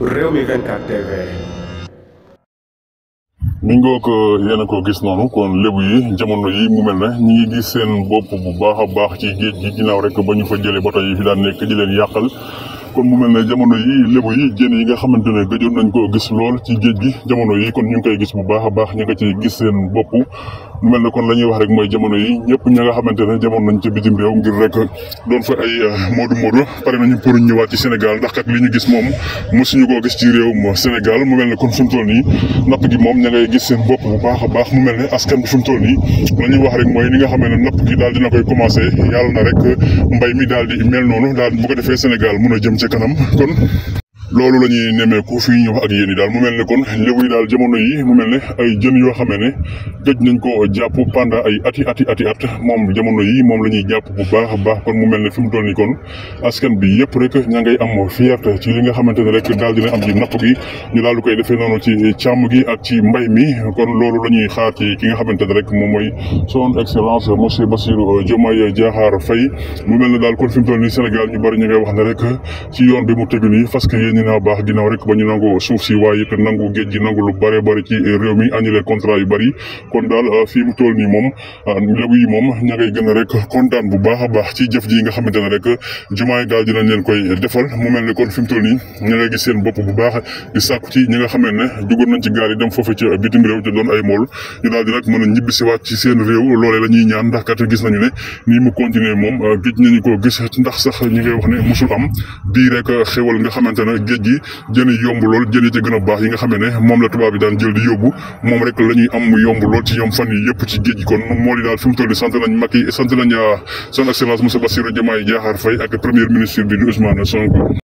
Rewmi 24 TV. ngoo ko yéen a ko gis noonu kon lébu yi jamono yi mu mel na ñi gis seen bopp bu baax a baax ci géej gi ginnaaw rek ba ñu fa jëlee bato yi fi daan nekk di leen yàqal. kon mu mel ne jamono yi lébu yi jën yi nga xamante ne gëjoon nañ koo gis lool ci géej gi jamono yi kon ñu ngi koy gis bu baax a baax ñu nga ci gis seen bopp. mu mel ne kon la ñuy wax rek mooy jamono yi ñëpp ña nga xamante ne jamono nañ ca bitim réew ngir rek doon fa ay euh, moodu moodu pare nañu pour ñëwaat ci Sénégal ndax kat li ñu gis moom mosuñu koo gis ci réewum Sénégal mu mel ne kon fi mu toll nii napp gi moom ña ngay gis seen bopp bu baax a baax mu mel ne askan bi fi mu toll nii la ñuy wax rek mooy li nga xamee ne napp gi daal dina koy commencé yàlla na rek mbay mi daal di mel noonu daal mu ko defee Sénégal mun a jëm ca kanam kon loolu la ñuy nemmeeku fii ñu wax ak yéen yi daal mu mel ne kon lébu yi daal jamono yi mu mel ne ay jën yoo xamee ne gëj nañ ko jàpp pendant ay ati ati at moom jamono yi moom la ñuy jàpp bu baax a baax kon mu mel ne fi mu toll nii kon askan bi yëpp rek am fierté ci li nga xamante ne rek ci napp gi ñu daal di koy defee noonu càmm gi ak ci mbay mi kon loolu la ñuy xaar ci ki nga xamante ne rek moom mooy son excellence monsieur Bassirou Diomaye Diakhar Faye mu mel ne daal kon fi mu toll nii Sénégal ñu bari ñu ngay wax ne rek ci yoon bi mu tegu nii ñu naa baax ginnaaw rek ba ñu nangoo suuf si waaye it nangu géej gi nangu lu bare bari ci réew mi annulé contrat yu bari kon daal euh, euh, yi moom ña ngay a a baax ci jëf ji nga xamante ne rek jumaay daal dinañ leen koy defal mu mel ni kon fi mu toll nii ña gis seen bopp bu baax di sàkku ci ñi nga ne duggoon nañ ci gaal yi dem foofu ci bitim réew ci doon ay mool ñu daal di nag mën a ñibbisiwaat ci seen réew loolee la ñaan ndax kat gis nañu ne nii mu continuer moom euh, géej nañu ko gis ndax sax ñi ngay wax ne musul am bii rek xewal nga xamante géej gi jën yi yomb lool jën yi ci baax yi nga xam ne moom la tubaab bi daan jël di yóbbu moom rek la ñuy am mu yomb lool ci ñoom fan yi yëpp ci géej gi kon moo li daal fi mu toll sant nañ Macky sant nañ ah, son excellence monsieur Bassirou Diomaye Diakhar Faye ak premier ministre bi di Ousmane Sonko